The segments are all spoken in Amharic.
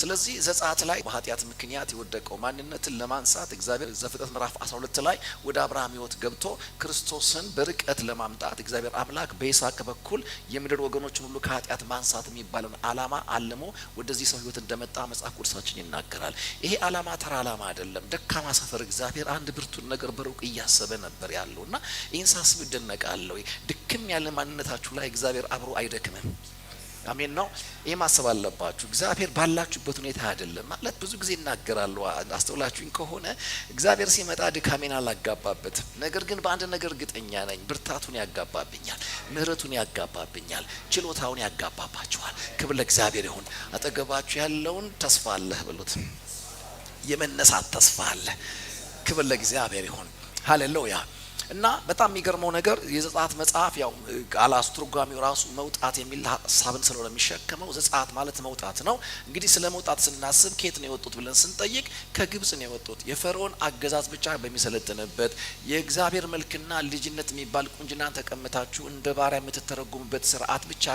ስለዚህ ዘጸአት ላይ በኃጢአት ምክንያት የወደቀው ማንነትን ለማንሳት እግዚአብሔር ዘፍጥረት ምዕራፍ 12 ላይ ወደ አብርሃም ሕይወት ገብቶ ክርስቶስን በርቀት ለማምጣት እግዚአብሔር አምላክ በይስሐቅ በኩል የምድር ወገኖችን ሁሉ ከኃጢአት ማንሳት የሚባለውን ዓላማ አልሞ ወደዚህ ሰው ሕይወት እንደመጣ መጽሐፍ ቅዱሳችን ይናገራል። ይሄ ዓላማ ተራ ዓላማ አይደለም። ደካማ ሰፈር እግዚአብሔር አንድ ብርቱን ነገር በሩቅ እያሰበ ነበር ያለው እና ይህን ሳስብ እደነቃለሁ። ድክም ያለ ማንነታችሁ ላይ እግዚአብሔር አብሮ አይደክምም። አሜን ነው። ይህ ማሰብ አለባችሁ። እግዚአብሔር ባላችሁበት ሁኔታ አይደለም ማለት ብዙ ጊዜ እናገራለሁ። አስተውላችሁኝ ከሆነ እግዚአብሔር ሲመጣ ድካሜን አላጋባበትም። ነገር ግን በአንድ ነገር እርግጠኛ ነኝ፣ ብርታቱን ያጋባብኛል፣ ምሕረቱን ያጋባብኛል፣ ችሎታውን ያጋባባችኋል። ክብር ለእግዚአብሔር ይሁን። አጠገባችሁ ያለውን ተስፋ አለህ ብሉት። የመነሳት ተስፋ አለ። ክብር ለእግዚአብሔር ይሁን። ሀሌሉያ እና በጣም የሚገርመው ነገር የዘጸአት መጽሐፍ ያው ቃል አስተርጓሚው ራሱ መውጣት የሚል ሀሳብን ስለሆነ የሚሸከመው ዘጸአት ማለት መውጣት ነው። እንግዲህ ስለ መውጣት ስናስብ ከየት ነው የወጡት ብለን ስንጠይቅ ከግብጽ ነው የወጡት። የፈርዖን አገዛዝ ብቻ በሚሰለጥንበት የእግዚአብሔር መልክና ልጅነት የሚባል ቁንጅናን ተቀምታችሁ እንደ ባሪያ የምትተረጉሙበት ስርዓት ብቻ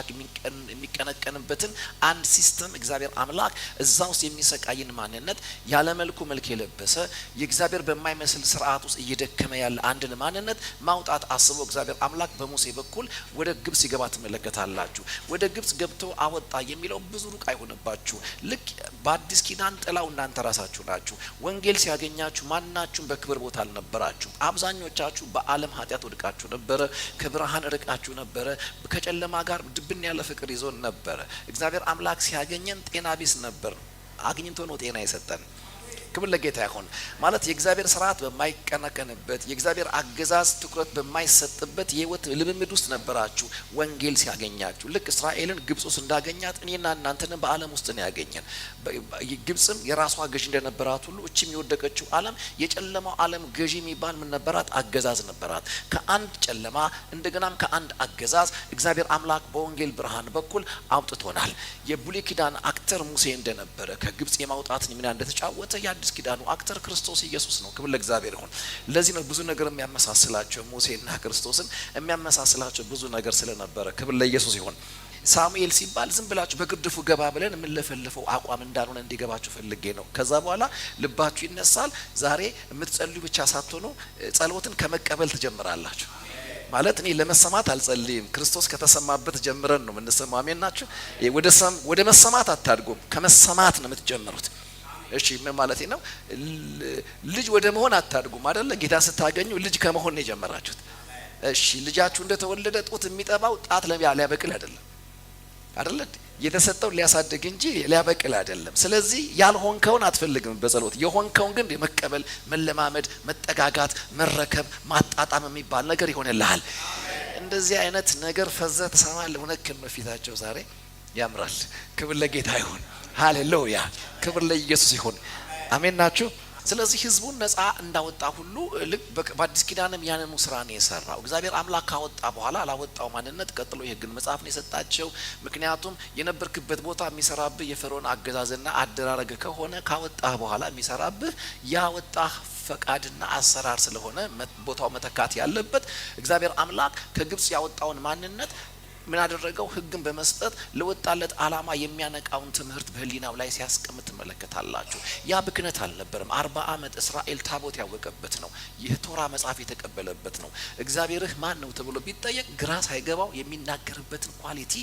የሚቀነቀንበትን አንድ ሲስተም እግዚአብሔር አምላክ እዛ ውስጥ የሚሰቃይን ማንነት ያለ መልኩ መልክ የለበሰ የእግዚአብሔር በማይመስል ስርዓት ውስጥ እየደከመ ያለ አንድን ማንነት ከገነት ማውጣት አስቦ እግዚአብሔር አምላክ በሙሴ በኩል ወደ ግብጽ ይገባ ትመለከታላችሁ። ወደ ግብጽ ገብቶ አወጣ የሚለው ብዙ ሩቅ አይሆንባችሁ። ልክ በአዲስ ኪዳን ጥላው እናንተ ራሳችሁ ናችሁ። ወንጌል ሲያገኛችሁ ማናችሁም በክብር ቦታ አልነበራችሁም። አብዛኞቻችሁ በዓለም ኃጢአት ወድቃችሁ ነበረ። ከብርሃን ርቃችሁ ነበረ። ከጨለማ ጋር ድብን ያለ ፍቅር ይዞን ነበረ። እግዚአብሔር አምላክ ሲያገኘን ጤና ቢስ ነበር። አግኝቶ ነው ጤና የሰጠን። ክብር ለጌታ ይሁን። ማለት የእግዚአብሔር ስርዓት በማይቀነቀንበት የእግዚአብሔር አገዛዝ ትኩረት በማይሰጥበት የህይወት ልምምድ ውስጥ ነበራችሁ ወንጌል ሲያገኛችሁ። ልክ እስራኤልን ግብጽ ውስጥ እንዳገኛት እኔና እናንተንም በዓለም ውስጥ ነው ያገኘን። ግብጽም የራሷ ገዢ እንደነበራት ሁሉ እችም የወደቀችው ዓለም የጨለማው ዓለም ገዢ የሚባል ምን ነበራት? አገዛዝ ነበራት። ከአንድ ጨለማ እንደገናም ከአንድ አገዛዝ እግዚአብሔር አምላክ በወንጌል ብርሃን በኩል አውጥቶናል። የብሉይ ኪዳን አክተር ሙሴ እንደነበረ ከግብጽ የማውጣትን ሚና እንደተጫወተ የአዲስ ኪዳኑ አክተር ክርስቶስ ኢየሱስ ነው። ክብር ለእግዚአብሔር ይሁን። ለዚህ ነው ብዙ ነገር የሚያመሳስላቸው ሙሴና ክርስቶስን የሚያመሳስላቸው ብዙ ነገር ስለነበረ ክብር ለኢየሱስ ይሁን። ሳሙኤል ሲባል ዝም ብላችሁ በግድፉ ገባ ብለን የምንለፈልፈው አቋም እንዳልሆነ እንዲገባችሁ ፈልጌ ነው። ከዛ በኋላ ልባችሁ ይነሳል። ዛሬ የምትጸልዩ ብቻ ሳትሆኑ ጸሎትን ከመቀበል ትጀምራላችሁ። ማለት እኔ ለመሰማት አልጸልይም። ክርስቶስ ከተሰማበት ጀምረን ነው የምንሰማው። አሜን ናችሁ። ወደ መሰማት አታድጉም፣ ከመሰማት ነው የምትጀምሩት። እሺ ምን ማለት ነው? ልጅ ወደ መሆን አታድጉም አይደለ? ጌታ ስታገኙ ልጅ ከመሆን ነው የጀመራችሁት። እሺ ልጃችሁ እንደተወለደ ጡት የሚጠባው ጣት ሊያበቅል አይደለም አይደለ? የተሰጠው ሊያሳድግ እንጂ ሊያበቅል አይደለም። ስለዚህ ያልሆንከውን አትፈልግም በጸሎት የሆንከውን ግን የመቀበል መለማመድ፣ መጠጋጋት፣ መረከብ፣ ማጣጣም የሚባል ነገር ይሆንልሃል። እንደዚህ አይነት ነገር ፈዘ ተሰማል። ተሰማ ለሆነ ከመፊታቸው ዛሬ ያምራል። ክብር ለጌታ ይሁን። ሃሌሉያ ክብር ለኢየሱስ ይሁን። አሜን ናችሁ። ስለዚህ ህዝቡን ነፃ እንዳወጣ ሁሉ ልክ በአዲስ ኪዳንም ያንኑ ስራ ነው የሰራው። እግዚአብሔር አምላክ ካወጣ በኋላ አላወጣው ማንነት ቀጥሎ የህግን መጽሐፍ ነው የሰጣቸው። ምክንያቱም የነበርክበት ቦታ የሚሰራብህ የፈርዖን አገዛዝና አደራረግ ከሆነ ካወጣ በኋላ የሚሰራብህ ያወጣ ፈቃድና አሰራር ስለሆነ ቦታው መተካት ያለበት እግዚአብሔር አምላክ ከግብጽ ያወጣውን ማንነት ምን አደረገው? ህግን በመስጠት ለወጣለት አላማ የሚያነቃውን ትምህርት በህሊናው ላይ ሲያስቀምጥ ትመለከታላችሁ። ያ ብክነት አልነበረም። አርባ ዓመት እስራኤል ታቦት ያወቀበት ነው። ይህ ቶራ መጽሐፍ የተቀበለበት ነው። እግዚአብሔርህ ማን ነው ተብሎ ቢጠየቅ ግራ ሳይገባው የሚናገርበትን ኳሊቲ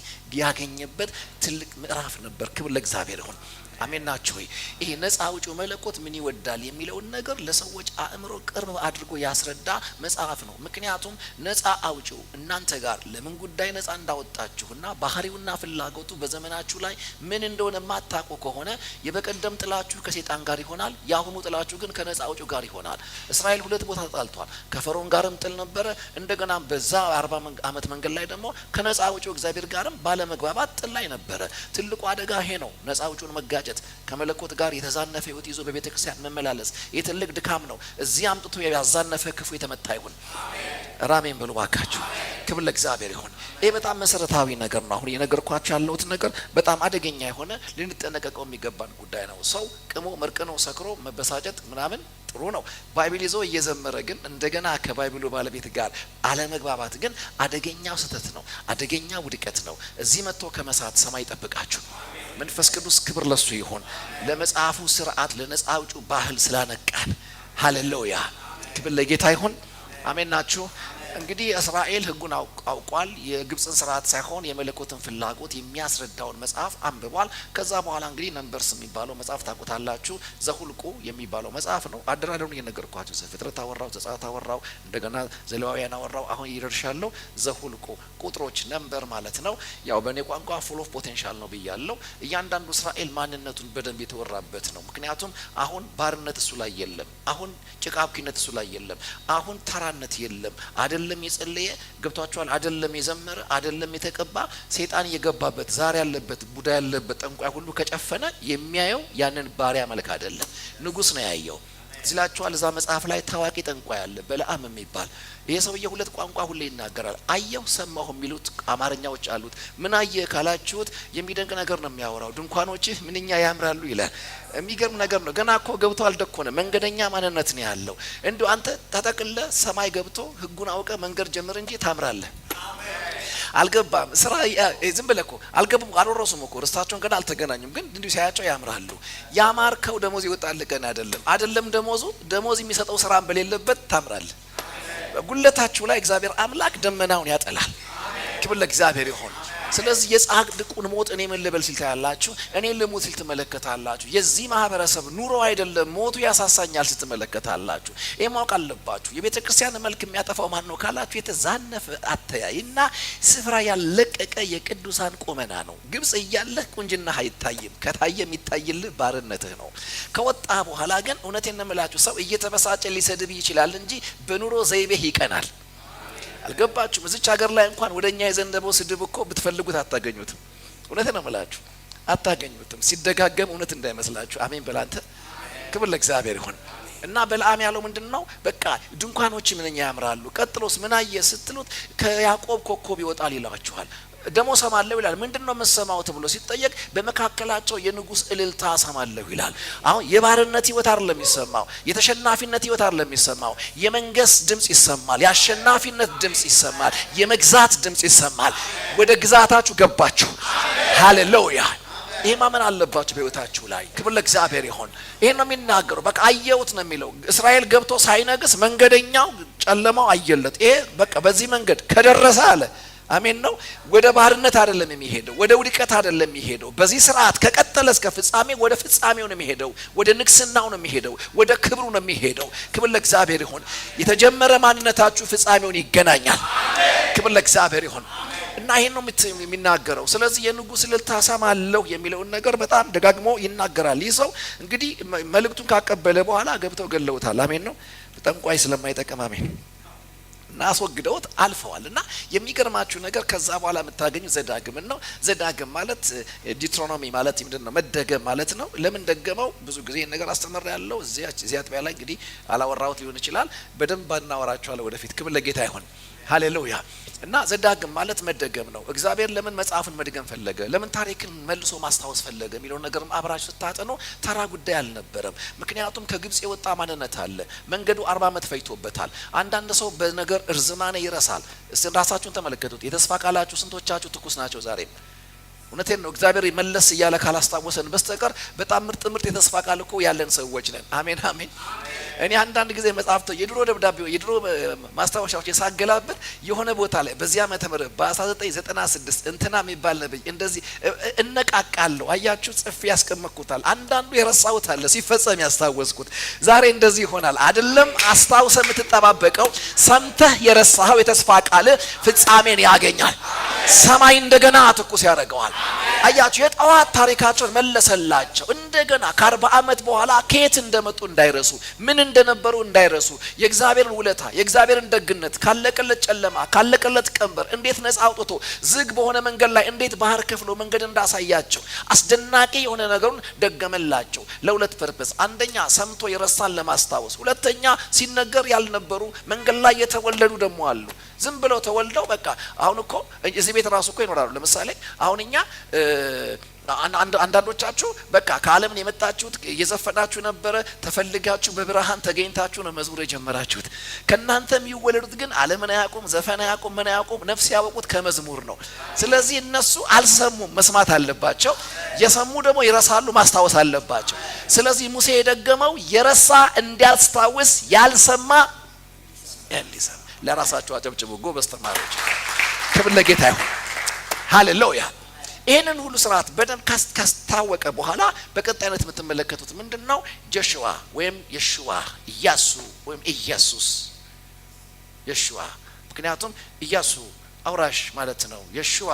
ያገኘበት ትልቅ ምዕራፍ ነበር። ክብር ለእግዚአብሔር ይሁን። አሜን ናችሁ ወይ? ይሄ ነጻ አውጪው መለኮት ምን ይወዳል የሚለውን ነገር ለሰዎች አእምሮ ቅርብ አድርጎ ያስረዳ መጽሐፍ ነው። ምክንያቱም ነጻ አውጪው እናንተ ጋር ለምን ጉዳይ ነጻ እንዳወጣችሁና ባህሪውና ፍላጎቱ በዘመናችሁ ላይ ምን እንደሆነ የማታውቁ ከሆነ የበቀደም ጥላችሁ ከሴጣን ጋር ይሆናል፣ የአሁኑ ጥላችሁ ግን ከነጻ አውጪው ጋር ይሆናል። እስራኤል ሁለት ቦታ ተጣልቷል። ከፈርዖን ጋርም ጥል ነበረ። እንደገና በዛ አርባ አመት መንገድ ላይ ደግሞ ከነጻ አውጪው እግዚአብሔር ጋርም ባለመግባባት ጥል ላይ ነበረ። ትልቁ አደጋ ይሄ ነው። ነጻ አውጪውን መጋ መዘጋጀት ከመለኮት ጋር የተዛነፈ ህይወት ይዞ በቤተ ክርስቲያን መመላለስ ይህ ትልቅ ድካም ነው። እዚህ አምጥቶ ያዛነፈ ክፉ የተመታ ይሁን። ራሜን ብሎ ባካችሁ፣ ክብር ለእግዚአብሔር ይሁን። ይህ በጣም መሰረታዊ ነገር ነው። አሁን የነገርኳቸው ያለሁት ነገር በጣም አደገኛ የሆነ ልንጠነቀቀው የሚገባን ጉዳይ ነው። ሰው ቅሞ መርቅኖ ሰክሮ መበሳጨት ምናምን ጥሩ ነው። ባይብል ይዞ እየዘመረ ግን እንደገና ከባይብሉ ባለቤት ጋር አለመግባባት ግን አደገኛው ስህተት ነው፣ አደገኛ ውድቀት ነው። እዚህ መጥቶ ከመሳት ሰማይ ይጠብቃችሁ። መንፈስ ቅዱስ ክብር ለሱ ይሆን። ለመጽሐፉ ስርዓት ለነጻ አውጪው ባህል ስላነቃን፣ ሀሌሉያ ክብር ለጌታ ይሁን። አሜን ናችሁ። እንግዲህ እስራኤል ህጉን አውቋል። የግብፅን ስርዓት ሳይሆን የመለኮትን ፍላጎት የሚያስረዳውን መጽሐፍ አንብቧል። ከዛ በኋላ እንግዲህ ነንበርስ የሚባለው መጽሐፍ ታውቁታላችሁ። ዘሁልቁ የሚባለው መጽሐፍ ነው። አደራደሩን እየነገርኳቸው ዘፍጥረት አወራው፣ ዘጸአት አወራው፣ እንደገና ዘሌዋውያን አወራው። አሁን ይደርሻለሁ። ዘሁልቁ ቁጥሮች ነንበር ማለት ነው። ያው በእኔ ቋንቋ ፉል ኦፍ ፖቴንሻል ነው ብያለው። እያንዳንዱ እስራኤል ማንነቱን በደንብ የተወራበት ነው። ምክንያቱም አሁን ባርነት እሱ ላይ የለም። አሁን ጭቃብኪነት እሱ ላይ የለም። አሁን ተራነት የለም አደለ አደለም የጸለየ ገብቷቸዋል። አደለም የዘመረ አደለም የተቀባ ሰይጣን የገባበት ዛር ያለበት ቡዳ ያለበት ጠንቋይ ሁሉ ከጨፈነ የሚያየው ያንን ባሪያ መልክ አደለም፣ ንጉስ ነው ያየው። እዚላቸዋል እዛ መጽሐፍ ላይ ታዋቂ ጠንቋይ አለ በለአም የሚባል ይሄ ሰውዬ ሁለት ቋንቋ ሁሌ ይናገራል። አየሁ ሰማሁ የሚሉት አማርኛዎች አሉት። ምን አየ ካላችሁት የሚደንቅ ነገር ነው የሚያወራው። ድንኳኖችህ ምንኛ ያምራሉ ይላል። የሚገርም ነገር ነው። ገና እኮ ገብቶ አልደኮነ መንገደኛ ማንነት ነው ያለው። እንዲ አንተ ተጠቅለ ሰማይ ገብቶ ህጉን አውቀ መንገድ ጀምር እንጂ ታምራለህ። አልገባም ስራ ዝም ብለህ እኮ አልገቡም፣ አልወረሱም እኮ ርስታቸውን ገና አልተገናኙም። ግን እንዲሁ ሲያያቸው ያምራሉ። ያማርከው ደሞዝ ይወጣል ገና አይደለም አይደለም ደሞዙ ደሞዝ የሚሰጠው ስራም በሌለበት ታምራለህ። በጉለታችሁ ላይ እግዚአብሔር አምላክ ደመናውን ያጠላል። ክብር ለእግዚአብሔር ይሆን። ስለዚህ የጻድቁን ሞት እኔ ምን ልበል ሲል ታያላችሁ፣ እኔ ልሙት ሲል ትመለከታላችሁ። የዚህ ማህበረሰብ ኑሮ አይደለም ሞቱ ያሳሳኛል ሲል ትመለከታላችሁ። ይህ ማወቅ አለባችሁ። የቤተ ክርስቲያን መልክ የሚያጠፋው ማን ነው ካላችሁ፣ የተዛነፈ አተያይና ስፍራ ያለቀቀ የቅዱሳን ቁመና ነው። ግብጽ እያለህ ቁንጅናህ አይታይም፣ ከታየ የሚታይልህ ባርነትህ ነው። ከወጣ በኋላ ግን እውነቴን እምላችሁ ሰው እየተበሳጨ ሊሰድብ ይችላል እንጂ በኑሮ ዘይቤህ ይቀናል። አልገባችሁም? እዚች ሀገር ላይ እንኳን ወደ እኛ የዘነበው ስድብ እኮ ብትፈልጉት አታገኙትም። እውነት ነው ምላችሁ አታገኙትም። ሲደጋገም እውነት እንዳይመስላችሁ። አሜን በላንተ ክብር ለእግዚአብሔር ይሁን። እና በልአም ያለው ምንድን ነው? በቃ ድንኳኖች ምንኛ ያምራሉ። ቀጥሎስ ምን አየ ስትሉት ከያዕቆብ ኮከብ ይወጣል ይላችኋል። ደግሞ ሰማለሁ ይላል። ምንድን ነው የምሰማው ተብሎ ሲጠየቅ በመካከላቸው የንጉስ እልልታ ሰማለሁ ይላል። አሁን የባርነት ህይወት አይደለም የሚሰማው፣ የተሸናፊነት ህይወት አይደለም የሚሰማው። የመንገስ ድምጽ ይሰማል፣ የአሸናፊነት ድምጽ ይሰማል፣ የመግዛት ድምጽ ይሰማል። ወደ ግዛታችሁ ገባችሁ። ሃሌሉያ! ይሄ ማመን አለባችሁ በህይወታችሁ ላይ። ክብር ለእግዚአብሔር ይሁን። ይሄን ነው የሚናገሩ። በቃ አየሁት ነው የሚለው። እስራኤል ገብቶ ሳይነግስ መንገደኛው ጨለማው አየለት። ይሄ በቃ በዚህ መንገድ ከደረሰ አለ አሜን ነው። ወደ ባርነት አይደለም የሚሄደው፣ ወደ ውድቀት አይደለም የሚሄደው። በዚህ ስርዓት ከቀጠለ እስከ ፍጻሜ ወደ ፍጻሜው ነው የሚሄደው፣ ወደ ንግስናው ነው የሚሄደው፣ ወደ ክብሩ ነው የሚሄደው። ክብር ለእግዚአብሔር ይሁን። የተጀመረ ማንነታችሁ ፍጻሜውን ይገናኛል። ክብር ለእግዚአብሔር ይሁን እና ይሄን ነው የሚናገረው። ስለዚህ የንጉስ እልልታ እሰማለሁ የሚለውን ነገር በጣም ደጋግሞ ይናገራል። ይህ ሰው እንግዲህ መልእክቱን ካቀበለ በኋላ ገብተው ገለውታል። አሜን ነው። ጠንቋይ ስለማይጠቅም አሜን አስወግደውት አልፈዋል። እና የሚገርማችሁ ነገር ከዛ በኋላ የምታገኙ ዘዳግም ነው። ዘዳግም ማለት ዲትሮኖሚ ማለት ምንድን ነው? መደገም ማለት ነው። ለምን ደገመው? ብዙ ጊዜ ይህን ነገር አስተምር ያለው እዚያ ጥቢያ ላይ እንግዲህ አላወራሁት ሊሆን ይችላል። በደንብ አለ ወደፊት። ክብር ለጌታ ይሁን። ሃሌሉያ። እና ዘዳግም ማለት መደገም ነው። እግዚአብሔር ለምን መጽሐፍን መድገም ፈለገ? ለምን ታሪክን መልሶ ማስታወስ ፈለገ? የሚለው ነገርም አብራችሁ ስታጠኑ ተራ ጉዳይ አልነበረም። ምክንያቱም ከግብጽ የወጣ ማንነት አለ። መንገዱ አርባ ዓመት ፈጅቶበታል። አንዳንድ ሰው በነገር እርዝማኔ ይረሳል። እስቲ ራሳችሁን ተመለከቱት። የተስፋ ቃላችሁ ስንቶቻችሁ ትኩስ ናቸው ዛሬም? እውነቴን ነው። እግዚአብሔር መለስ እያለ ካላስታወሰን በስተቀር በጣም ምርጥ ምርጥ የተስፋ ቃል እኮ ያለን ሰዎች ነን። አሜን አሜን። እኔ አንዳንድ ጊዜ መጽሐፍቶ የድሮ ደብዳቤ የድሮ ማስታወሻዎች የሳገላበት የሆነ ቦታ ላይ በዚህ ዓመተ ምህረት በ1996 እንትና የሚባል ነብይ እንደዚህ እነቃቃለሁ። አያችሁ ጽፌ ያስቀመጥኩታል። አንዳንዱ የረሳሁት አለ ሲፈጸም ያስታወስኩት ዛሬ እንደዚህ ይሆናል አይደለም። አስታውሰ የምትጠባበቀው ሰምተህ የረሳኸው የተስፋ ቃል ፍጻሜን ያገኛል። ሰማይ እንደገና ትኩስ ያደርገዋል። አያችሁ የጠዋት ታሪካቸውን መለሰላቸው። እንደገና ከአርባ ዓመት በኋላ ከየት እንደመጡ እንዳይረሱ ምን እንደነበሩ እንዳይረሱ የእግዚአብሔርን ውለታ የእግዚአብሔርን ደግነት ካለቀለት ጨለማ ካለቀለት ቀንበር እንዴት ነጻ አውጥቶ ዝግ በሆነ መንገድ ላይ እንዴት ባህር ከፍሎ መንገድ እንዳሳያቸው አስደናቂ የሆነ ነገሩን ደገመላቸው። ለሁለት ፐርፐስ፣ አንደኛ ሰምቶ የረሳን ለማስታወስ፣ ሁለተኛ ሲነገር ያልነበሩ መንገድ ላይ የተወለዱ ደግሞ አሉ። ዝም ብለው ተወልደው በቃ አሁን እኮ እዚህ ቤት ራሱ እኮ ይኖራሉ። ለምሳሌ አሁን እኛ አንዳንዶቻችሁ በቃ ከዓለም የመጣችሁት፣ እየዘፈናችሁ ነበረ፣ ተፈልጋችሁ በብርሃን ተገኝታችሁ ነው መዝሙር የጀመራችሁት። ከእናንተ የሚወለዱት ግን ዓለምን አያውቁም፣ ዘፈን አያውቁም፣ ምን አያውቁም። ነፍስ ያወቁት ከመዝሙር ነው። ስለዚህ እነሱ አልሰሙም፣ መስማት አለባቸው። የሰሙ ደግሞ ይረሳሉ፣ ማስታወስ አለባቸው። ስለዚህ ሙሴ የደገመው የረሳ እንዲያስታውስ፣ ያልሰማ እንዲሰማ። ለራሳቸው አጨብጭቡ። ጎበዝ ተማሪዎች፣ ክብር ለጌታ ይሁን። ሃሌሉያ ይህንን ሁሉ ስርዓት በደንብ ካስታወቀ በኋላ በቀጣይነት የምትመለከቱት ምንድን ነው? ጀሽዋ ወይም የሽዋ ኢያሱ ወይም ኢየሱስ የሽዋ ምክንያቱም ኢያሱ አውራሽ ማለት ነው። የሽዋ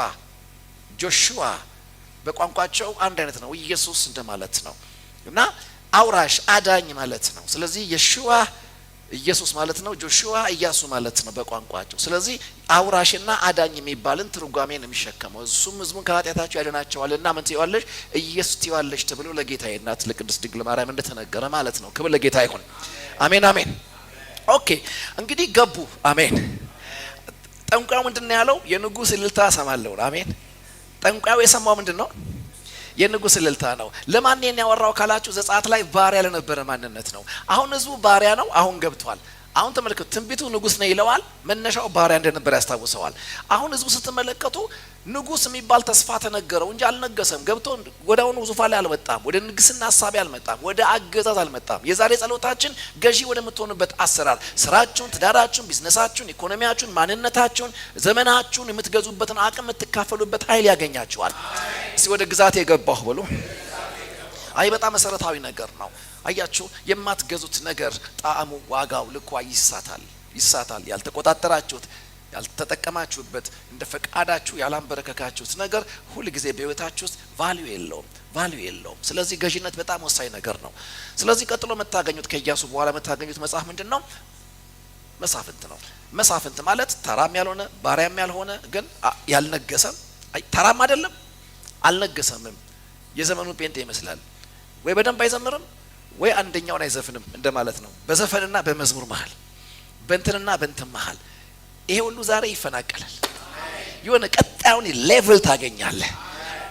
ጆሽዋ በቋንቋቸው አንድ አይነት ነው። ኢየሱስ እንደማለት ነው እና አውራሽ አዳኝ ማለት ነው። ስለዚህ የሽዋ ኢየሱስ ማለት ነው ጆሹዋ እያሱ ማለት ነው በቋንቋቸው። ስለዚህ አውራሽና አዳኝ የሚባልን ትርጓሜ ነው የሚሸከመው። እሱም ህዝቡን ከኃጢአታቸው ያድናቸዋልና ምን ትዋለሽ? ኢየሱስ ትዋለሽ ተብሎ ለጌታዬ እናት ለቅድስት ድንግል ማርያም እንደተነገረ ማለት ነው። ክብር ለጌታ ይሁን። አሜን አሜን። ኦኬ እንግዲህ ገቡ። አሜን። ጠንቋዩ ምንድን ነው ያለው? የንጉሥ እልልታ እሰማለሁ። አሜን። ጠንቋዩ የሰማው ምንድን ነው? የንጉስ እልልታ ነው። ለማን ያወራው ካላችሁ ዘጸአት ላይ ባሪያ ለነበረ ማንነት ነው። አሁን ህዝቡ ባሪያ ነው። አሁን ገብቷል። አሁን ተመልከቱ። ትንቢቱ ንጉስ ነው ይለዋል። መነሻው ባሪያ እንደነበረ ያስታውሰዋል። አሁን ህዝቡ ስትመለከቱ ንጉስ የሚባል ተስፋ ተነገረው እንጂ አልነገሰም። ገብቶ ወደ አሁኑ ዙፋን ላይ አልመጣም። ወደ ንግስና ሀሳቢ አልመጣም። ወደ አገዛዝ አልመጣም። የዛሬ ጸሎታችን ገዢ ወደምትሆኑበት አሰራር፣ ስራችሁን፣ ትዳራችሁን፣ ቢዝነሳችሁን፣ ኢኮኖሚያችሁን፣ ማንነታችሁን፣ ዘመናችሁን የምትገዙበትን አቅም የምትካፈሉበት ኃይል ያገኛችኋል። እስኪ ወደ ግዛት የገባሁ ብሎ አይ በጣም መሰረታዊ ነገር ነው። አያችሁ የማትገዙት ነገር ጣዕሙ፣ ዋጋው፣ ልኳ ይሳታል ይሳታል። ያልተቆጣጠራችሁት፣ ያልተጠቀማችሁበት፣ እንደ ፈቃዳችሁ ያላንበረከካችሁት ነገር ጊዜ በህይወታችሁ ውስጥ ቫልዩ የለውም ቫልዩ የለውም። ስለዚህ ገዥነት በጣም ወሳኝ ነገር ነው። ስለዚህ ቀጥሎ የምታገኙት ከኢያሱ በኋላ የምታገኙት መጽሐፍ ምንድን ነው? መሳፍንት ነው። መሳፍንት ማለት ተራም ያልሆነ ባሪያም ያልሆነ ግን ያልነገሰም ተራም አይደለም አልነገሰምም። የዘመኑ ጴንጤ ይመስላል። ወይ በደንብ አይዘምርም ወይ አንደኛውን አይዘፍንም እንደማለት ነው። በዘፈንና በመዝሙር መሀል፣ በእንትንና በእንትን መሀል ይሄ ሁሉ ዛሬ ይፈናቀላል። የሆነ ቀጣዩን ሌቭል ታገኛለህ።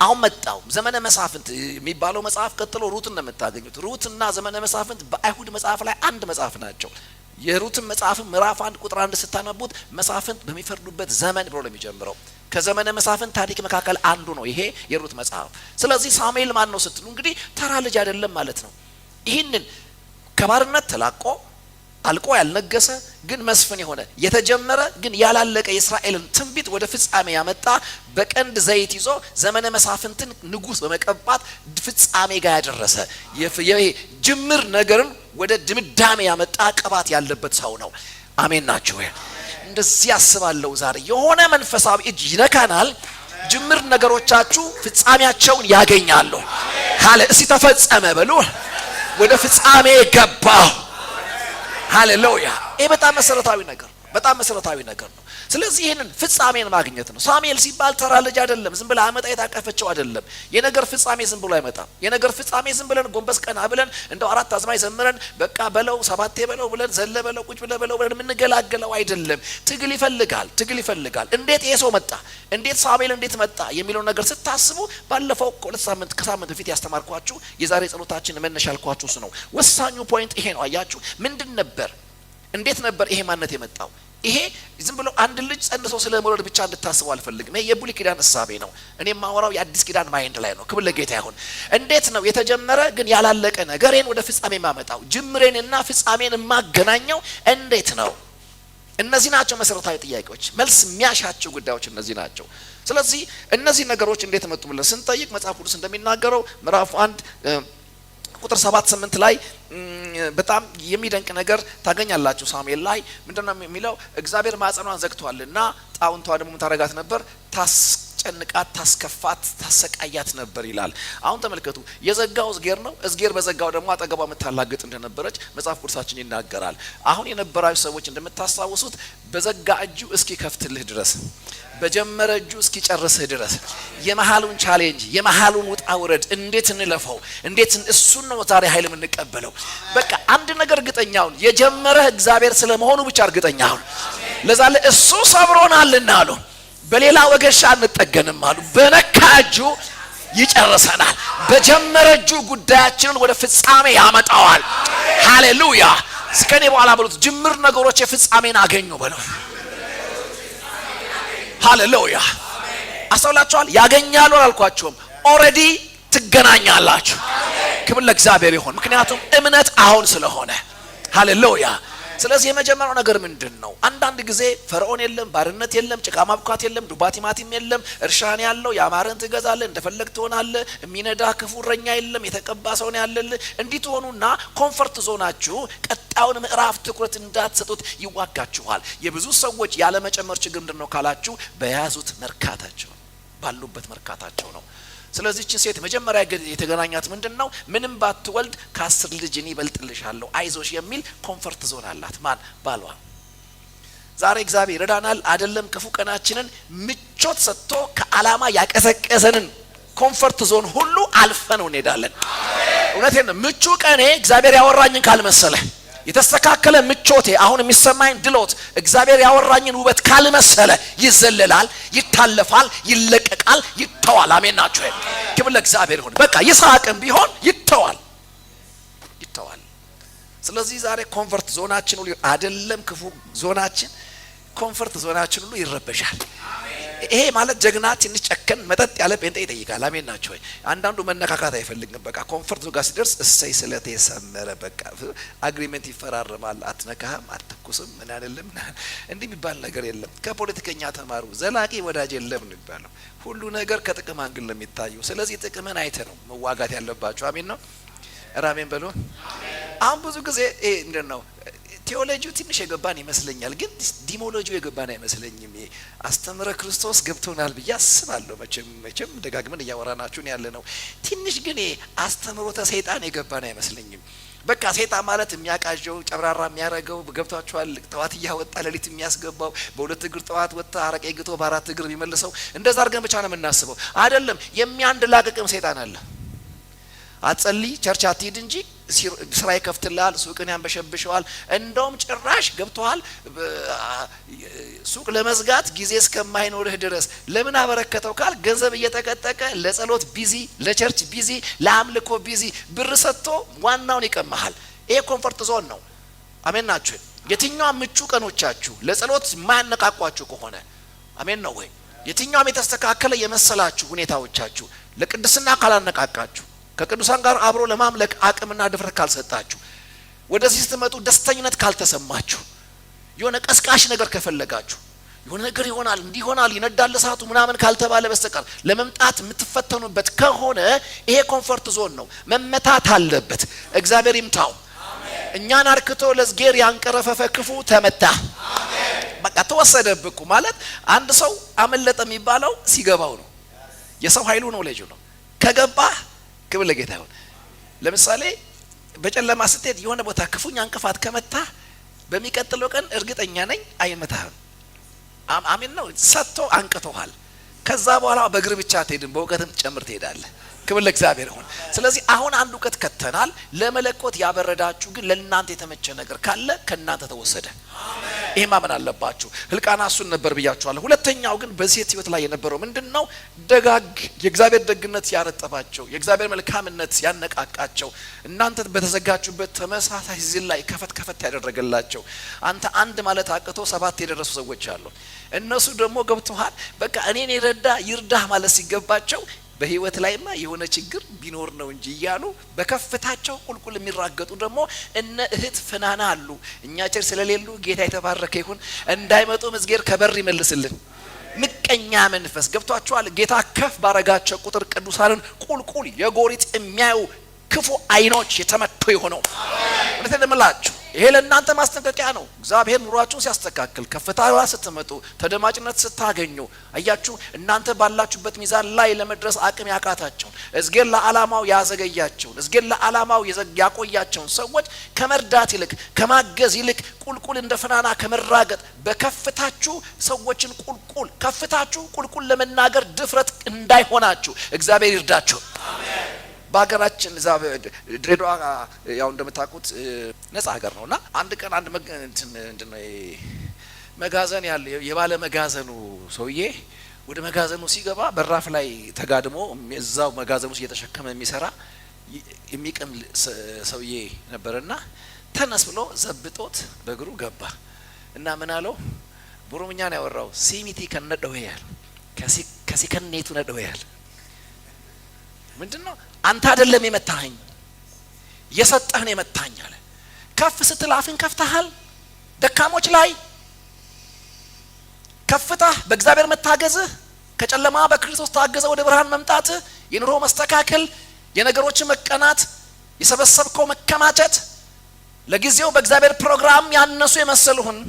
አሁን መጣው ዘመነ መሳፍንት የሚባለው መጽሐፍ ቀጥሎ ሩት ነው የምታገኙት። ሩትና ዘመነ መሳፍንት በአይሁድ መጽሐፍ ላይ አንድ መጽሐፍ ናቸው። የሩትን መጽሐፍ ምዕራፍ አንድ ቁጥር አንድ ስታነቡት መሳፍንት በሚፈርዱበት ዘመን ብሎ ነው የሚጀምረው። ከዘመነ መሳፍን ታሪክ መካከል አንዱ ነው ይሄ የሩት መጽሐፍ። ስለዚህ ሳሙኤል ማን ነው ስትሉ እንግዲህ ተራ ልጅ አይደለም ማለት ነው። ይህንን ከባርነት ተላቆ አልቆ ያልነገሰ ግን መስፍን የሆነ የተጀመረ ግን ያላለቀ የእስራኤልን ትንቢት ወደ ፍጻሜ ያመጣ በቀንድ ዘይት ይዞ ዘመነ መሳፍንትን ንጉሥ በመቀባት ፍጻሜ ጋር ያደረሰ ጅምር ነገርን ወደ ድምዳሜ ያመጣ ቅባት ያለበት ሰው ነው። አሜን ናችሁ። እንደዚህ ያስባለሁ። ዛሬ የሆነ መንፈሳዊ እጅ ይነካናል። ጅምር ነገሮቻችሁ ፍጻሜያቸውን ያገኛሉ። ካለ እስቲ ተፈጸመ በሉ። ወደ ፍጻሜ ገባሁ። ሃሌሉያ! ይህ በጣም መሰረታዊ ነገር፣ በጣም መሰረታዊ ነገር ስለዚህ ይህንን ፍጻሜን ማግኘት ነው። ሳሙኤል ሲባል ተራ ልጅ አይደለም። ዝም ብለህ አመጣ የታቀፈችው አይደለም። የነገር ፍጻሜ ዝም ብሎ አይመጣም። የነገር ፍጻሜ ዝም ብለን ጎንበስ ቀና ብለን እንደው አራት አዝማይ ዘምረን በቃ በለው ሰባቴ በለው ብለን ዘለ በለው ቁጭ ብለ በለው ብለን የምንገላገለው አይደለም። ትግል ይፈልጋል። ትግል ይፈልጋል። እንዴት ይሄ ሰው መጣ? እንዴት ሳሙኤል እንዴት መጣ የሚለውን ነገር ስታስቡ ባለፈው ሁለት ሳምንት ከሳምንት በፊት ያስተማርኳችሁ የዛሬ ጸሎታችን መነሻ ያልኳችሁ እሱ ነው። ወሳኙ ፖይንት ይሄ ነው። አያችሁ ምንድን ነበር? እንዴት ነበር ይሄ ማነት የመጣው? ይሄ ዝም ብሎ አንድ ልጅ ጸንሶ ስለ መውለድ ብቻ እንድታስቡ አልፈልግም። ይሄ የብሉይ ኪዳን እሳቤ ነው። እኔ የማወራው የአዲስ ኪዳን ማይንድ ላይ ነው። ክብር ለጌታ ይሁን። እንዴት ነው የተጀመረ ግን ያላለቀ ነገሬን ወደ ፍጻሜ ማመጣው? ጅምሬንና ፍጻሜን የማገናኘው እንዴት ነው? እነዚህ ናቸው መሰረታዊ ጥያቄዎች። መልስ የሚያሻቸው ጉዳዮች እነዚህ ናቸው። ስለዚህ እነዚህ ነገሮች እንዴት መጡ ብለን ስንጠይቅ መጽሐፍ ቅዱስ እንደሚናገረው ምዕራፍ አንድ ቁጥር ሰባት ስምንት ላይ በጣም የሚደንቅ ነገር ታገኛላችሁ። ሳሙኤል ላይ ምንድነው የሚለው? እግዚአብሔር ማኅፀኗን ዘግቷልና ጣውንቷ ደግሞ ታረጋት ነበር ታስ አታስጨንቃት፣ ታስከፋት፣ ታሰቃያት ነበር ይላል። አሁን ተመልከቱ፣ የዘጋው እዝጌር ነው። እዝጌር በዘጋው ደግሞ አጠገቧ የምታላግጥ እንደነበረች መጽሐፍ ቅዱሳችን ይናገራል። አሁን የነበራችሁ ሰዎች እንደምታስታውሱት በዘጋ እጁ እስኪ ከፍትልህ ድረስ በጀመረ እጁ እስኪጨርስህ ድረስ የመሀሉን ቻሌንጅ የመሀሉን ውጣ ውረድ እንዴት እንለፈው? እንዴት እሱን ነው ዛሬ ኃይል የምንቀበለው? በቃ አንድ ነገር እርግጠኛውን የጀመረህ እግዚአብሔር ስለመሆኑ ብቻ እርግጠኛውን ለዛለ እሱ ሰብሮናልና አሉ። በሌላ ወገሻ አንጠገንም አሉ። በነካ እጁ ይጨርሰናል። በጀመረ እጁ ጉዳያችንን ወደ ፍጻሜ ያመጣዋል። ሃሌሉያ! እስከኔ በኋላ በሉት ጅምር ነገሮች የፍጻሜን አገኙ በለው። ሃሌሉያ! አስተውላችኋል? ያገኛሉ አላልኳችሁም? ኦልሬዲ ትገናኛላችሁ። ክብር ለእግዚአብሔር ይሆን። ምክንያቱም እምነት አሁን ስለሆነ ሃሌሉያ ስለዚህ የመጀመሪያው ነገር ምንድን ነው? አንዳንድ ጊዜ ፈርዖን የለም፣ ባርነት የለም፣ ጭቃ ማብኳት የለም፣ ዱባ ቲማቲም የለም፣ እርሻን ያለው የአማረን ትገዛለ እንደፈለግ ትሆናለ የሚነዳ ክፉ እረኛ የለም፣ የተቀባ ሰው ነው ያለልህ። እንዲህ ትሆኑና ኮንፈርት ዞናችሁ ቀጣዩን ምዕራፍ ትኩረት እንዳትሰጡት ይዋጋችኋል። የብዙ ሰዎች ያለመጨመር ችግር ምንድን ነው ካላችሁ፣ በያዙት መርካታቸው ባሉበት መርካታቸው ነው። ስለዚህችን ሴት መጀመሪያ የተገናኛት ምንድን ነው? ምንም ባትወልድ ከአስር ልጅ እኔ ይበልጥልሻለሁ አይዞሽ የሚል ኮንፈርት ዞን አላት። ማን? ባሏ። ዛሬ እግዚአብሔር ይረዳናል አይደለም? ክፉ ቀናችንን ምቾት ሰጥቶ ከዓላማ ያቀሰቀሰንን ኮንፈርት ዞን ሁሉ ነው እንሄዳለን። እውነቴን ነው። ምቹ ቀኔ እግዚአብሔር ያወራኝን ካልመሰለ የተስተካከለ ምቾቴ አሁን የሚሰማኝ ድሎት እግዚአብሔር ያወራኝን ውበት ካልመሰለ ይዘለላል፣ ይታለፋል፣ ይለ ቃል ይተዋል። አሜን ናችሁ? ክብር ለእግዚአብሔር ይሁን። በቃ ይስሐቅም ቢሆን ይተዋል ይተዋል። ስለዚህ ዛሬ ኮንፈርት ዞናችን ሁሉ አይደለም ክፉ ዞናችን፣ ኮንፈርት ዞናችን ሁሉ ይረበሻል። ይሄ ማለት ጀግና ትንሽ ጨከን መጠጥ ያለ ጴንጤ ይጠይቃል። አሜን ናቸው ወይ? አንዳንዱ መነካካት አይፈልግም። በቃ ኮንፈርት ጋር ሲደርስ እሰይ ስለቴ የሰመረ በቃ አግሪመንት ይፈራረማል። አትነካህም፣ አትኩስም፣ ምን አይደለም እንዲህ የሚባል ነገር የለም። ከፖለቲከኛ ተማሩ። ዘላቂ ወዳጅ የለም ነው የሚባለው። ሁሉ ነገር ከጥቅም አንግል ነው የሚታየው። ስለዚህ ጥቅምን አይተ ነው መዋጋት ያለባቸው። አሜን ነው። ራሜን በሉ። አሁን ብዙ ጊዜ ይሄ ምንድን ነው ቴዎሎጂው ትንሽ የገባን ይመስለኛል፣ ግን ዲሞሎጂው የገባን አይመስለኝም። አስተምረ ክርስቶስ ገብቶናል ብዬ አስባለሁ። መቼም መቼም ደጋግመን እያወራናችሁን ያለ ነው። ትንሽ ግን አስተምሮተ ሰይጣን የገባን አይመስለኝም። በቃ ሴጣ ማለት የሚያቃዣው ጨብራራ የሚያረገው ገብቷችኋል። ጠዋት እያወጣ ሌሊት የሚያስገባው በሁለት እግር ጠዋት ወጥታ አረቄ ግቶ በአራት እግር የሚመልሰው እንደዛ አድርገን ብቻ ነው የምናስበው። አይደለም የሚያንድ ላቅቅም ሴጣን አለ። አትጸልይ ቸርች አትሂድ እንጂ ስራ ይከፍትልሃል፣ ሱቅን ያንበሸብሸዋል። እንደውም ጭራሽ ገብተዋል ሱቅ ለመዝጋት ጊዜ እስከማይኖርህ ድረስ ለምን አበረከተው ካል ገንዘብ እየተቀጠቀ ለጸሎት ቢዚ፣ ለቸርች ቢዚ፣ ለአምልኮ ቢዚ፣ ብር ሰጥቶ ዋናውን ይቀመሃል። ይሄ ኮንፈርት ዞን ነው። አሜን ናችሁ። የትኛው ምቹ ቀኖቻችሁ ለጸሎት የማያነቃቋችሁ ከሆነ አሜን ነው ወይ? የትኛውም የተስተካከለ የመሰላችሁ ሁኔታዎቻችሁ ለቅድስና ካላነቃቃችሁ ከቅዱሳን ጋር አብሮ ለማምለክ አቅምና ድፍረት ካልሰጣችሁ፣ ወደዚህ ስትመጡ ደስተኝነት ካልተሰማችሁ፣ የሆነ ቀስቃሽ ነገር ከፈለጋችሁ የሆነ ነገር ይሆናል እንዲህ ይሆናል ይነዳል እሳቱ ምናምን ካልተባለ በስተቀር ለመምጣት የምትፈተኑበት ከሆነ ይሄ ኮንፈርት ዞን ነው፣ መመታት አለበት። እግዚአብሔር ይምታው። እኛን አርክቶ ለዝጌር ያንቀረፈፈ ክፉ ተመታ። በቃ ተወሰደብህ ማለት አንድ ሰው አመለጠ የሚባለው ሲገባው ነው። የሰው ኃይሉ ነው፣ ልጁ ነው። ከገባህ ክብር ለጌታ ይሁን። ለምሳሌ በጨለማ ስትሄድ የሆነ ቦታ ክፉኛ እንቅፋት ከመታ በሚቀጥለው ቀን እርግጠኛ ነኝ አይመታህም። አሜን ነው ሰጥቶ አንቅቶሃል። ከዛ በኋላ በእግር ብቻ አትሄድም፣ በእውቀትም ጨምር ትሄዳለህ። ክብር ለእግዚአብሔር ይሁን። ስለዚህ አሁን አንድ እውቀት ከተናል። ለመለኮት ያበረዳችሁ ግን ለእናንተ የተመቸ ነገር ካለ ከእናንተ ተወሰደ። ይህ ማመን አለባችሁ። ህልቃና እሱን ነበር ብያችኋለሁ። ሁለተኛው ግን በሴት ህይወት ላይ የነበረው ምንድን ነው? ደጋግ የእግዚአብሔር ደግነት ያረጠባቸው፣ የእግዚአብሔር መልካምነት ያነቃቃቸው፣ እናንተ በተዘጋችሁበት ተመሳሳይ ዚል ላይ ከፈት ከፈት ያደረገላቸው አንተ አንድ ማለት አቅቶ ሰባት የደረሱ ሰዎች አሉ። እነሱ ደግሞ ገብተሃል በቃ እኔን የረዳ ይርዳህ ማለት ሲገባቸው በህይወት ላይማ የሆነ ችግር ቢኖር ነው እንጂ እያሉ በከፍታቸው ቁልቁል የሚራገጡ ደግሞ እነ እህት ፍናና አሉ። እኛ ቸር ስለሌሉ ጌታ የተባረከ ይሁን። እንዳይመጡ መዝጌር ከበር ይመልስልን። ምቀኛ መንፈስ ገብቷቸዋል። ጌታ ከፍ ባረጋቸው ቁጥር ቅዱሳንን ቁልቁል የጎሪጥ የሚያዩ ክፉ አይኖች የተመቱ የሆነው እውነት ለምላችሁ ይሄ ለእናንተ ማስጠንቀቂያ ነው። እግዚአብሔር ኑሯችሁን ሲያስተካክል ከፍታ ስትመጡ ተደማጭነት ስታገኙ አያችሁ፣ እናንተ ባላችሁበት ሚዛን ላይ ለመድረስ አቅም ያቃታቸውን እዝጌን ለዓላማው ያዘገያቸውን እዝጌን ለዓላማው ያቆያቸውን ሰዎች ከመርዳት ይልቅ ከማገዝ ይልቅ ቁልቁል እንደ ፍናና ከመራገጥ በከፍታችሁ ሰዎችን ቁልቁል ከፍታችሁ ቁልቁል ለመናገር ድፍረት እንዳይሆናችሁ እግዚአብሔር ይርዳችሁ። አሜን። በሀገራችን እዛ ድሬዳዋ ያው እንደምታውቁት ነጻ ሀገር ነው እና አንድ ቀን አንድ መጋዘን ያለ የባለ መጋዘኑ ሰውዬ ወደ መጋዘኑ ሲገባ በራፍ ላይ ተጋድሞ እዛው መጋዘኑ ውስጥ እየተሸከመ የሚሰራ የሚቅም ሰውዬ ነበርና ተነስ ብሎ ዘብጦት በእግሩ ገባ እና ምን አለው? ቡሩምኛን ያወራው። ሲሚቲ ከነደው ያል ከሲከኔቱ ነደው ያል ምንድን ነው? አንተ አይደለም የመታኸኝ የሰጠህን የመታኝ አለ። ከፍ ስትል አፍን ከፍተሃል ደካሞች ላይ ከፍታህ በእግዚአብሔር መታገዝህ ከጨለማ በክርስቶስ ታገዘ ወደ ብርሃን መምጣት የኑሮ መስተካከል፣ የነገሮችን መቀናት፣ የሰበሰብከው መከማቸት ለጊዜው በእግዚአብሔር ፕሮግራም ያነሱ የመሰልሁን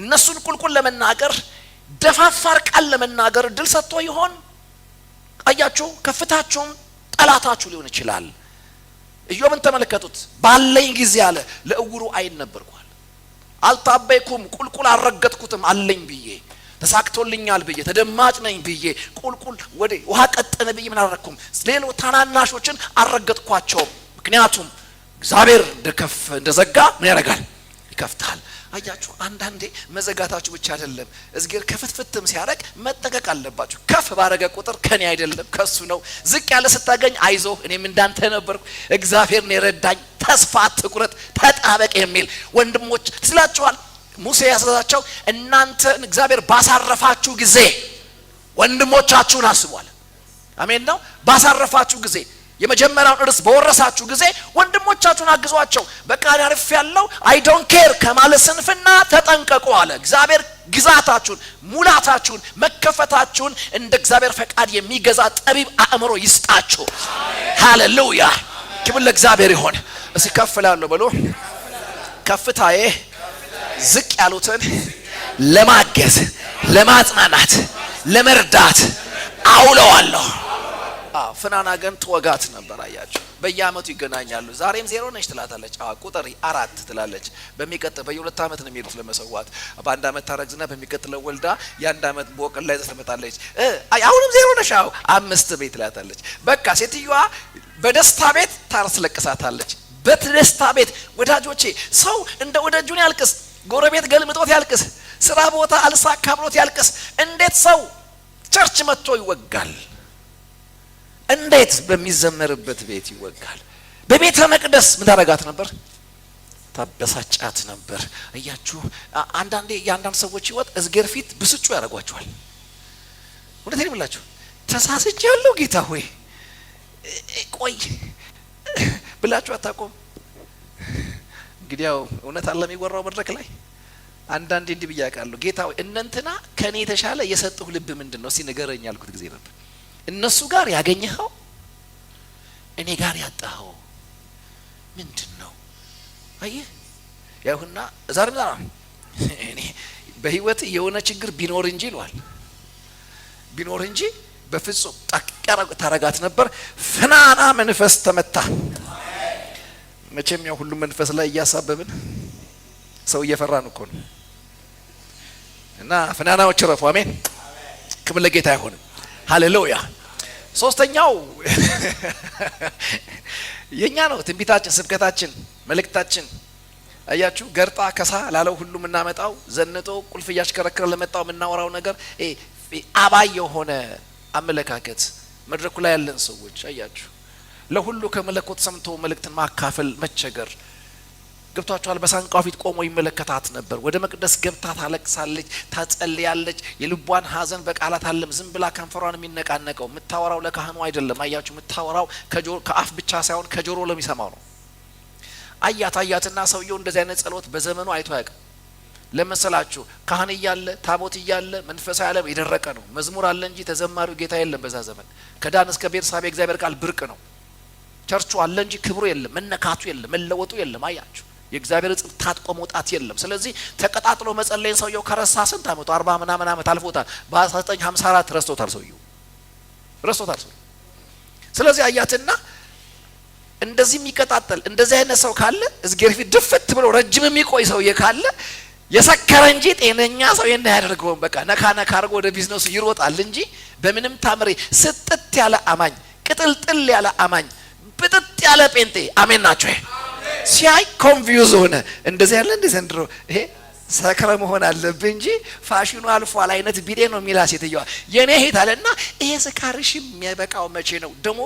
እነሱን ቁልቁል ለመናገር ደፋፋር ቃል ለመናገር እድል ሰጥቶ ይሆን? አያችሁ፣ ከፍታችሁም ጠላታችሁ ሊሆን ይችላል። ኢዮብን ተመለከቱት። ባለኝ ጊዜ አለ ለእውሩ አይን ነበርኳል። አልታበይኩም፣ ቁልቁል አልረገጥኩትም። አለኝ ብዬ ተሳክቶልኛል ብዬ ተደማጭ ነኝ ብዬ ቁልቁል ወደ ውሃ ቀጠነ ብዬ ምን አረግኩም? ሌሎ ታናናሾችን አልረገጥኳቸውም። ምክንያቱም እግዚአብሔር እንደከፍ እንደዘጋ ምን ያደርጋል? ይከፍታል። አያችሁ፣ አንዳንዴ መዘጋታችሁ ብቻ አይደለም፣ እግዜር ከፍትፍትም ሲያደርግ መጠንቀቅ አለባችሁ። ከፍ ባረገ ቁጥር ከኔ አይደለም ከሱ ነው። ዝቅ ያለ ስታገኝ አይዞ እኔም እንዳንተ ነበርኩ፣ እግዚአብሔር የረዳኝ፣ ተስፋ ትኩረት ተጣበቅ የሚል ወንድሞች ትስላችኋል። ሙሴ ያዘዛቸው እናንተን እግዚአብሔር ባሳረፋችሁ ጊዜ ወንድሞቻችሁን አስቧል። አሜን ነው። ባሳረፋችሁ ጊዜ የመጀመሪያውን እርስ በወረሳችሁ ጊዜ ወንድሞቻችሁን አግዟቸው። በቃል አርፍ ያለው አይ ዶንት ኬር ከማለት ስንፍና ተጠንቀቁ አለ። እግዚአብሔር ግዛታችሁን፣ ሙላታችሁን፣ መከፈታችሁን እንደ እግዚአብሔር ፈቃድ የሚገዛ ጠቢብ አእምሮ ይስጣችሁ። ሃሌሉያ! ክብር ለእግዚአብሔር ይሆን። እስኪ ከፍ ላለሁ በሉ። ከፍታዬ ዝቅ ያሉትን ለማገዝ፣ ለማጽናናት፣ ለመርዳት አውለዋለሁ። ፍናና ግን ትወጋት ነበር። አያቸው በየአመቱ ይገናኛሉ። ዛሬም ዜሮ ነች ትላታለች፣ ቁጥሪ አራት ትላለች። በሚቀጥል በየሁለት አመት ነው የሚሄዱት ለመሰዋት። በአንድ አመት ታረግዝና በሚቀጥለው ወልዳ የአንድ አመት በወቅል ላይ ትመጣለች። አሁንም ዜሮ ነሽ፣ አዎ አምስት ቤት ትላታለች። በቃ ሴትዮዋ በደስታ ቤት ታስለቅሳታለች። በደስታ ቤት ወዳጆቼ፣ ሰው እንደ ወደጁን ያልቅስ፣ ጎረቤት ገልምጦት ያልቅስ፣ ስራ ቦታ አልሳካ ብሎት ያልቅስ። እንዴት ሰው ቸርች መጥቶ ይወጋል? እንዴት በሚዘመርበት ቤት ይወጋል። በቤተ መቅደስ ምን ታረጋት ነበር? ታበሳጫት ነበር። እያችሁ አንዳንዴ የአንዳንድ ሰዎች ህይወት እዝጌር ፊት ብስጩ ያደርጓቸዋል። እውነት ይምላችሁ ተሳስቼ ያለው ጌታ ሆይ ቆይ ብላችሁ አታቆም። እንግዲህ ያው እውነት አለ የሚወራው መድረክ ላይ አንዳንዴ እንዲህ ብያቃለሁ። ጌታ ሆይ እነንትና ከእኔ የተሻለ የሰጠሁ ልብ ምንድን ነው እስኪ ንገረኝ ያልኩት ጊዜ ነበር። እነሱ ጋር ያገኘኸው እኔ ጋር ያጣኸው ምንድን ነው? አየህ ያሁና ዛሬ ዛራ እኔ በህይወት የሆነ ችግር ቢኖር እንጂ ይሏል ቢኖር እንጂ በፍጹም ጠቅያ ታረጋት ነበር። ፍናና መንፈስ ተመታ። መቼም ያው ሁሉም መንፈስ ላይ እያሳበብን ሰው እየፈራን እኮ ነው። እና ፍናናዎች ረፉ። አሜን። ክብር ለጌታ አይሆንም። ሀሌሉያ? ሶስተኛው የኛ ነው። ትንቢታችን፣ ስብከታችን፣ መልእክታችን አያችሁ ገርጣ ከሳ ላለው ሁሉ የምናመጣው ዘንጦ ቁልፍ እያሽከረከረ ለመጣው የምናወራው ነገር አባይ የሆነ አመለካከት መድረኩ ላይ ያለን ሰዎች አያችሁ ለሁሉ ከመለኮት ሰምቶ መልእክትን ማካፈል መቸገር ገብቷቸዋል። በሳንቃው ፊት ቆሞ ይመለከታት ነበር። ወደ መቅደስ ገብታ ታለቅሳለች፣ ታጸልያለች። የልቧን ሀዘን በቃላት አለም። ዝም ብላ ከንፈሯን የሚነቃነቀው የምታወራው ለካህኑ አይደለም። አያችሁ፣ የምታወራው ከአፍ ብቻ ሳይሆን ከጆሮ ለሚሰማው ነው። አያት አያትና ሰውየው እንደዚህ አይነት ጸሎት በዘመኑ አይቶ አያውቅም። ለመሰላችሁ ካህን እያለ ታቦት እያለ መንፈሳዊ ዓለም የደረቀ ነው። መዝሙር አለ እንጂ ተዘማሪው ጌታ የለም። በዛ ዘመን ከዳን እስከ ቤርሳቤ እግዚአብሔር ቃል ብርቅ ነው። ቸርቹ አለ እንጂ ክብሩ የለም፣ መነካቱ የለም፣ መለወጡ የለም። አያችሁ የእግዚአብሔር ጽድቅ ታጥቆ መውጣት የለም። ስለዚህ ተቀጣጥሎ መጸለይን ሰውየው ከረሳ ስንት አመቱ? አርባ ምናምን አመት አልፎታል። በ1954 ሀምሳ አራት ረስቶታል፣ ሰውየው ረስቶታል። ሰው ስለዚህ አያትና እንደዚህ የሚቀጣጠል እንደዚህ አይነት ሰው ካለ እዝጌር ፊት ድፍት ብሎ ረጅም የሚቆይ ሰውዬ ካለ የሰከረ እንጂ ጤነኛ ሰው ይሄን በቃ ነካ ነካ አድርጎ ወደ ቢዝነሱ ይሮጣል እንጂ በምንም ታምሬ ስጥት ያለ አማኝ፣ ቅጥልጥል ያለ አማኝ፣ ብጥጥ ያለ ጴንጤ አሜን ናቸው። ሲያይ ኮንፊውዝ ሆነ። እንደዚህ ያለ እንደ ዘንድሮ ይሄ ሰክረ መሆን አለብህ እንጂ ፋሽኑ አልፏል አይነት ቢጤ ነው የሚላ ሴትዮዋ የኔ ሄት አለና፣ ይሄ ስካርሽ የሚያበቃው መቼ ነው? ደሞ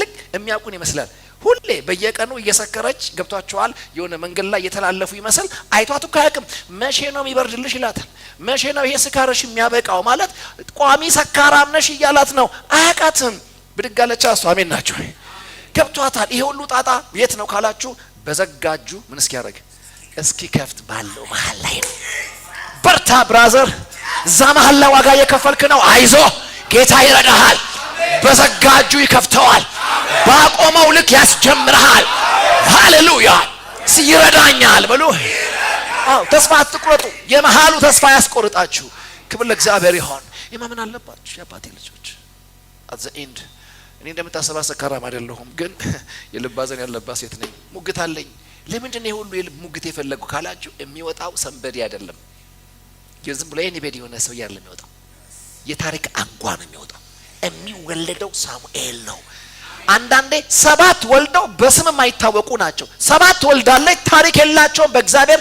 ልክ የሚያውቁን ይመስላል። ሁሌ በየቀኑ እየሰከረች ገብቷቸዋል። የሆነ መንገድ ላይ እየተላለፉ ይመስል አይቷት እኮ አያውቅም። መቼ ነው የሚበርድልሽ ይላታል። መቼ ነው ይሄ ስካርሽ የሚያበቃው ማለት ቋሚ ሰካራም ነሽ እያላት ነው። አያውቃትም። ብድጋለቻ እሷ አሜን ናቸው ገብቷታል። ይሄ ሁሉ ጣጣ የት ነው ካላችሁ በዘጋጁ ምን እስኪያደርግ እስኪ ከፍት ባለው መሀል ላይ ነው። በርታ ብራዘር፣ እዛ መሀል ላይ ዋጋ እየከፈልክ ነው። አይዞ ጌታ ይረዳሃል። በዘጋጁ ይከፍተዋል። ባቆመው ልክ ያስጀምረሃል። ሃሌሉያ ይረዳኛል በሉ። ተስፋ አትቁረጡ። የመሃሉ ተስፋ ያስቆርጣችሁ። ክብር ለእግዚአብሔር ይሆን። የማመን አለባችሁ የአባቴ ልጆች አት ዘ እኔ እንደምታሰባ ሰካራም አይደለሁም፣ ግን የልብ ሐዘን ያለባት ሴት ነኝ። ሙግት አለኝ። ለምንድን ነው የሁሉ የልብ ሙግት የፈለጉ ካላችሁ የሚወጣው ሰንበዴ አይደለም። የዝም ብሎ ቤት የሆነ ሰው ያለ የሚወጣው የታሪክ አንጓ ነው የሚወጣው። የሚወለደው ሳሙኤል ነው። አንዳንዴ ሰባት ወልደው በስም የማይታወቁ ናቸው። ሰባት ወልዳለች፣ ታሪክ የላቸውም። በእግዚአብሔር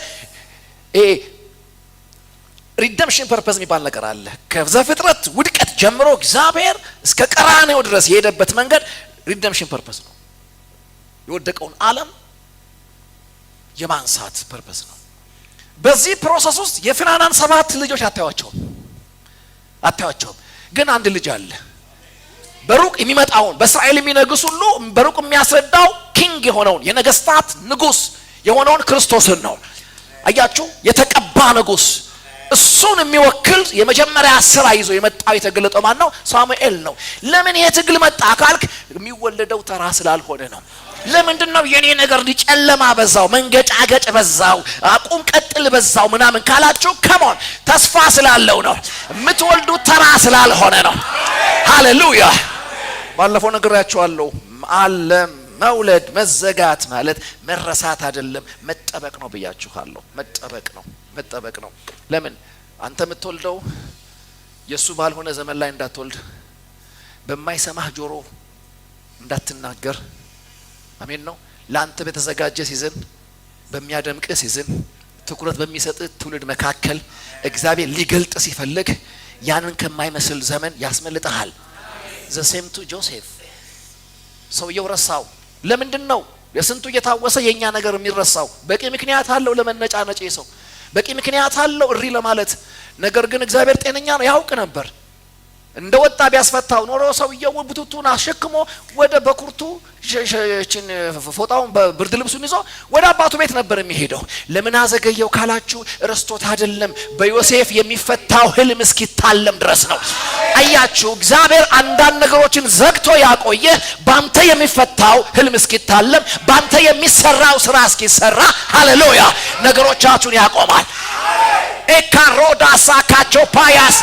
ሪደምሽን ፐርፐዝ የሚባል ነገር አለ። ከዘፍጥረት ውድቀት ጀምሮ እግዚአብሔር እስከ ቀራኔው ድረስ የሄደበት መንገድ ሪደምሽን ፐርፐዝ ነው። የወደቀውን ዓለም የማንሳት ፐርፐዝ ነው። በዚህ ፕሮሰስ ውስጥ የፍናናን ሰባት ልጆች አታዩቸውም አታዩቸውም። ግን አንድ ልጅ አለ በሩቅ የሚመጣውን በእስራኤል የሚነግስ ሁሉ በሩቅ የሚያስረዳው ኪንግ የሆነውን የነገስታት ንጉስ የሆነውን ክርስቶስን ነው። አያችሁ፣ የተቀባ ንጉስ እሱን የሚወክል የመጀመሪያ ስራ ይዞ የመጣው የተገለጠው ማን ነው? ሳሙኤል ነው። ለምን ይሄ ትግል መጣ ካልክ የሚወለደው ተራ ስላልሆነ ነው። ለምንድን ነው የኔ ነገር ጨለማ በዛው፣ መንገጫገጭ በዛው፣ አቁም ቀጥል በዛው ምናምን ካላችሁ ከሞን ተስፋ ስላለው ነው። የምትወልዱት ተራ ስላልሆነ ነው። ሃሌሉያ። ባለፈው ነግሬያችኋለሁ። ዓለም መውለድ መዘጋት ማለት መረሳት አይደለም፣ መጠበቅ ነው ብያችኋለሁ። መጠበቅ ነው፣ መጠበቅ ነው። ለምን አንተ የምትወልደው የእሱ ባልሆነ ዘመን ላይ እንዳትወልድ፣ በማይሰማህ ጆሮ እንዳትናገር። አሜን ነው። ለአንተ በተዘጋጀ ሲዝን፣ በሚያደምቅ ሲዝን፣ ትኩረት በሚሰጥ ትውልድ መካከል እግዚአብሔር ሊገልጥ ሲፈልግ ያንን ከማይመስል ዘመን ያስመልጠሃል። ዘሴምቱ ጆሴፍ ሰውየው ረሳው። ለምንድን ነው የስንቱ እየታወሰ የእኛ ነገር የሚረሳው? በቂ ምክንያት አለው ነጭ ሰው፣ በቂ ምክንያት አለው እሪ ለማለት ነገር ግን እግዚአብሔር ጤነኛ ነው ያውቅ ነበር። እንደ ወጣ ቢያስፈታው ኖሮ ሰውየው ቡትቱን አሸክሞ ወደ በኩርቱ ችን ፎጣውን በብርድ ልብሱን ይዞ ወደ አባቱ ቤት ነበር የሚሄደው። ለምን አዘገየው ካላችሁ ረስቶት አይደለም። በዮሴፍ የሚፈታው ህልም እስኪታለም ድረስ ነው። አያችሁ፣ እግዚአብሔር አንዳንድ ነገሮችን ዘግቶ ያቆየ ባንተ የሚፈታው ህልም እስኪታለም፣ ባንተ የሚሰራው ስራ እስኪሰራ። ሃሌሉያ! ነገሮቻችሁን ያቆማል። ኤካሮዳሳካቸው ፓያስ